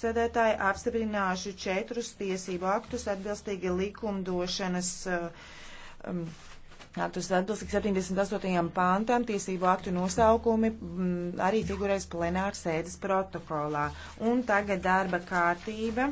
priekšsēdētāji apstiprināšu četrus tiesību aktus atbilstīgi likumdošanas um, aktus atbilstīgi 78. pāntām tiesību aktu nosaukumi m, mm, arī figurēs plenāra sēdes protokolā. Un tagad darba kārtība.